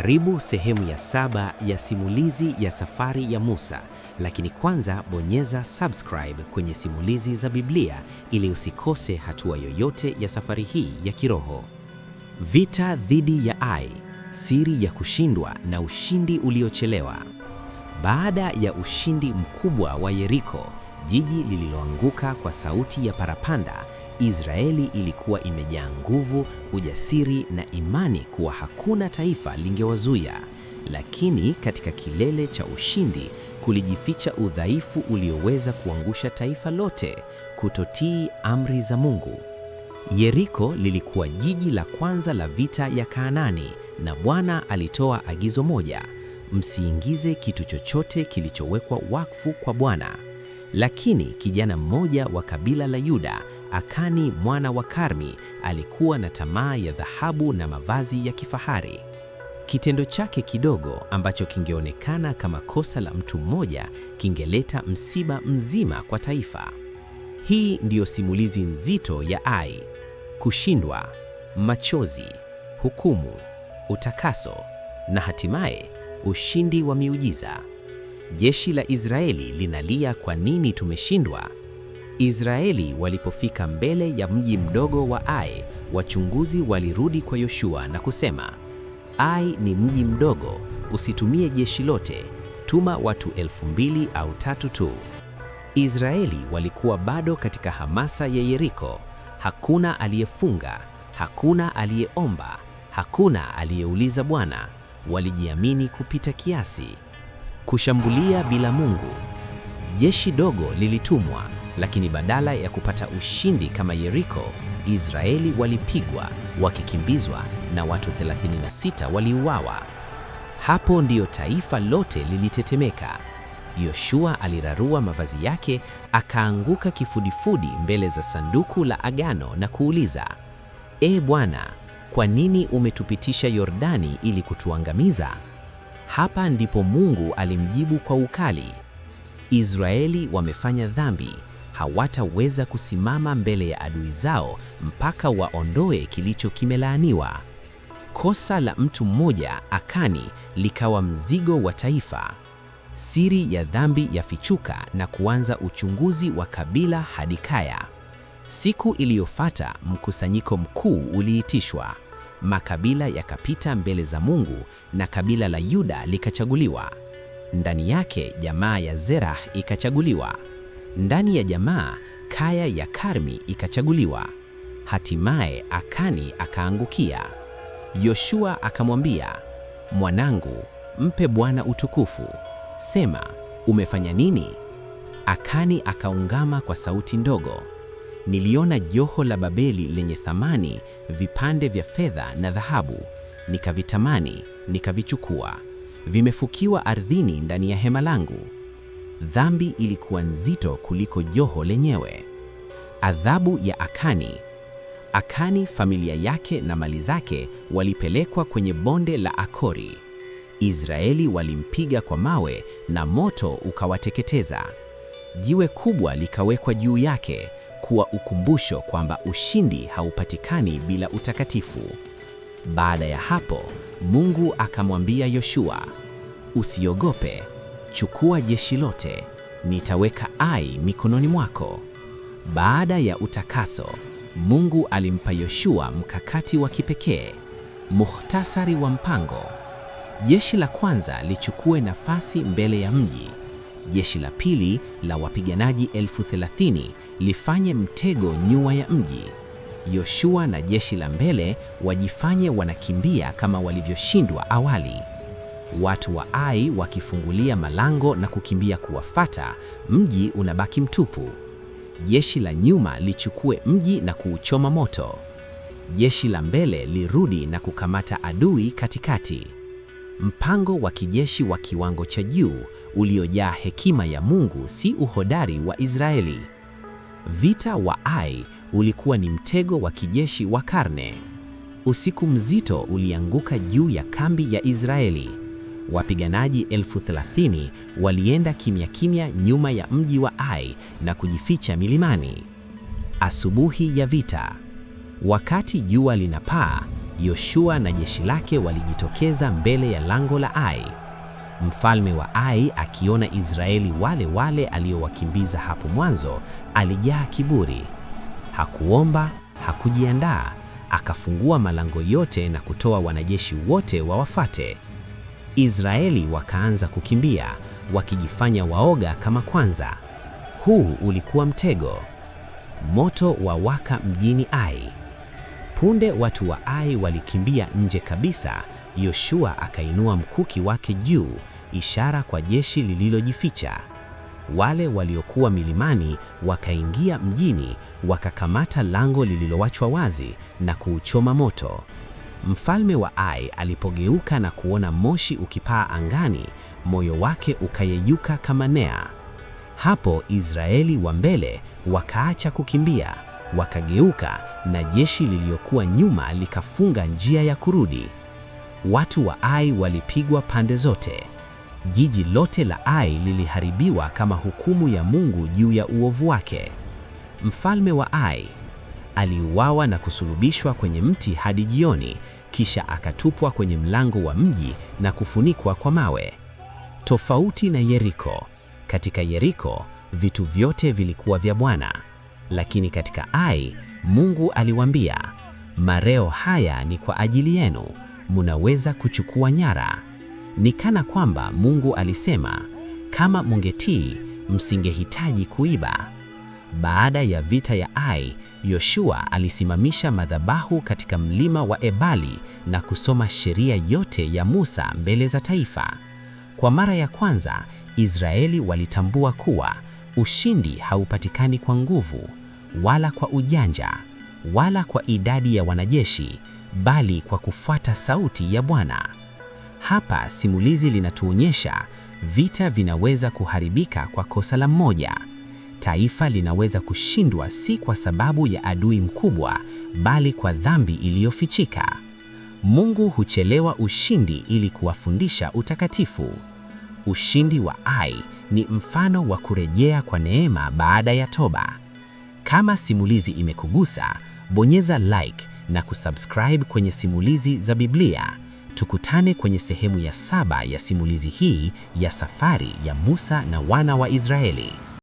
Karibu sehemu ya saba ya simulizi ya safari ya Musa, lakini kwanza bonyeza subscribe kwenye simulizi za Biblia ili usikose hatua yoyote ya safari hii ya kiroho. Vita dhidi ya Ai, siri ya kushindwa na ushindi uliochelewa. Baada ya ushindi mkubwa wa Yeriko, jiji lililoanguka kwa sauti ya parapanda Israeli ilikuwa imejaa nguvu, ujasiri na imani kuwa hakuna taifa lingewazuia. Lakini katika kilele cha ushindi kulijificha udhaifu ulioweza kuangusha taifa lote: kutotii amri za Mungu. Yeriko lilikuwa jiji la kwanza la vita ya Kanaani, na Bwana alitoa agizo moja: msiingize kitu chochote kilichowekwa wakfu kwa Bwana. Lakini kijana mmoja wa kabila la Yuda Akani mwana wa Karmi alikuwa na tamaa ya dhahabu na mavazi ya kifahari. Kitendo chake kidogo ambacho kingeonekana kama kosa la mtu mmoja kingeleta msiba mzima kwa taifa. Hii ndiyo simulizi nzito ya Ai: kushindwa, machozi, hukumu, utakaso na hatimaye ushindi wa miujiza. Jeshi la Israeli linalia kwa nini tumeshindwa? Israeli walipofika mbele ya mji mdogo wa Ai, wachunguzi walirudi kwa Yoshua na kusema, Ai ni mji mdogo, usitumie jeshi lote, tuma watu elfu mbili au tatu tu. Israeli walikuwa bado katika hamasa ya Yeriko. Hakuna aliyefunga, hakuna aliyeomba, hakuna aliyeuliza Bwana. Walijiamini kupita kiasi. Kushambulia bila Mungu. Jeshi dogo lilitumwa lakini badala ya kupata ushindi kama Yeriko, Israeli walipigwa, wakikimbizwa na watu 36 waliuawa. Hapo ndiyo taifa lote lilitetemeka. Yoshua alirarua mavazi yake, akaanguka kifudifudi mbele za sanduku la agano na kuuliza, E Bwana, kwa nini umetupitisha Yordani ili kutuangamiza? Hapa ndipo Mungu alimjibu kwa ukali, Israeli wamefanya dhambi hawataweza kusimama mbele ya adui zao mpaka waondoe kilicho kimelaaniwa. Kosa la mtu mmoja Akani likawa mzigo wa taifa. Siri ya dhambi yafichuka na kuanza uchunguzi wa kabila hadi kaya. Siku iliyofuata mkusanyiko mkuu uliitishwa. Makabila yakapita mbele za Mungu na kabila la Yuda likachaguliwa. Ndani yake jamaa ya Zerah ikachaguliwa. Ndani ya jamaa, kaya ya Karmi ikachaguliwa. Hatimaye Akani akaangukia. Yoshua akamwambia, mwanangu, mpe Bwana utukufu. Sema, umefanya nini? Akani akaungama kwa sauti ndogo. Niliona joho la Babeli lenye thamani, vipande vya fedha na dhahabu, nikavitamani, nikavichukua. Vimefukiwa ardhini ndani ya hema langu dhambi ilikuwa nzito kuliko joho lenyewe. Adhabu ya Akani. Akani, familia yake na mali zake walipelekwa kwenye bonde la Akori. Israeli walimpiga kwa mawe na moto ukawateketeza. Jiwe kubwa likawekwa juu yake kuwa ukumbusho kwamba ushindi haupatikani bila utakatifu. Baada ya hapo, Mungu akamwambia Yoshua, usiogope chukua jeshi lote, nitaweka Ai mikononi mwako. Baada ya utakaso, Mungu alimpa Yoshua mkakati wa kipekee. Muhtasari wa mpango: jeshi la kwanza lichukue nafasi mbele ya mji. Jeshi la pili la wapiganaji elfu thelathini lifanye mtego nyuma ya mji. Yoshua na jeshi la mbele wajifanye wanakimbia kama walivyoshindwa awali watu wa Ai wakifungulia malango na kukimbia kuwafata, mji unabaki mtupu. Jeshi la nyuma lichukue mji na kuuchoma moto. Jeshi la mbele lirudi na kukamata adui katikati. Mpango wa kijeshi wa kiwango cha juu uliojaa hekima ya Mungu si uhodari wa Israeli. Vita wa Ai ulikuwa ni mtego wa kijeshi wa karne. Usiku mzito ulianguka juu ya kambi ya Israeli wapiganaji elfu thelathini walienda kimya kimya nyuma ya mji wa Ai na kujificha milimani. Asubuhi ya vita, wakati jua linapaa, Yoshua na jeshi lake walijitokeza mbele ya lango la Ai. Mfalme wa Ai akiona Israeli wale wale aliyowakimbiza hapo mwanzo, alijaa kiburi. Hakuomba, hakujiandaa, akafungua malango yote na kutoa wanajeshi wote wawafate. Israeli wakaanza kukimbia wakijifanya waoga kama kwanza. Huu ulikuwa mtego. Moto wa waka mjini Ai. Punde watu wa Ai walikimbia nje kabisa, Yoshua akainua mkuki wake juu, ishara kwa jeshi lililojificha. Wale waliokuwa milimani wakaingia mjini, wakakamata lango lililowachwa wazi na kuuchoma moto. Mfalme wa Ai alipogeuka na kuona moshi ukipaa angani, moyo wake ukayeyuka kama nea. Hapo Israeli wa mbele wakaacha kukimbia, wakageuka na jeshi liliokuwa nyuma likafunga njia ya kurudi. Watu wa Ai walipigwa pande zote. Jiji lote la Ai liliharibiwa kama hukumu ya Mungu juu ya uovu wake. Mfalme wa Ai aliuawa na kusulubishwa kwenye mti hadi jioni, kisha akatupwa kwenye mlango wa mji na kufunikwa kwa mawe. Tofauti na Yeriko, katika Yeriko vitu vyote vilikuwa vya Bwana, lakini katika Ai Mungu aliwaambia, mareo haya ni kwa ajili yenu, munaweza kuchukua nyara. Ni kana kwamba Mungu alisema, kama mungetii msingehitaji kuiba. Baada ya vita ya Ai, Yoshua alisimamisha madhabahu katika mlima wa Ebali na kusoma sheria yote ya Musa mbele za taifa. Kwa mara ya kwanza, Israeli walitambua kuwa ushindi haupatikani kwa nguvu, wala kwa ujanja, wala kwa idadi ya wanajeshi, bali kwa kufuata sauti ya Bwana. Hapa simulizi linatuonyesha vita vinaweza kuharibika kwa kosa la mmoja taifa linaweza kushindwa si kwa sababu ya adui mkubwa, bali kwa dhambi iliyofichika. Mungu huchelewa ushindi ili kuwafundisha utakatifu. Ushindi wa Ai ni mfano wa kurejea kwa neema baada ya toba. Kama simulizi imekugusa, bonyeza like na kusubscribe kwenye Simulizi za Biblia. Tukutane kwenye sehemu ya saba ya simulizi hii ya safari ya Musa na wana wa Israeli.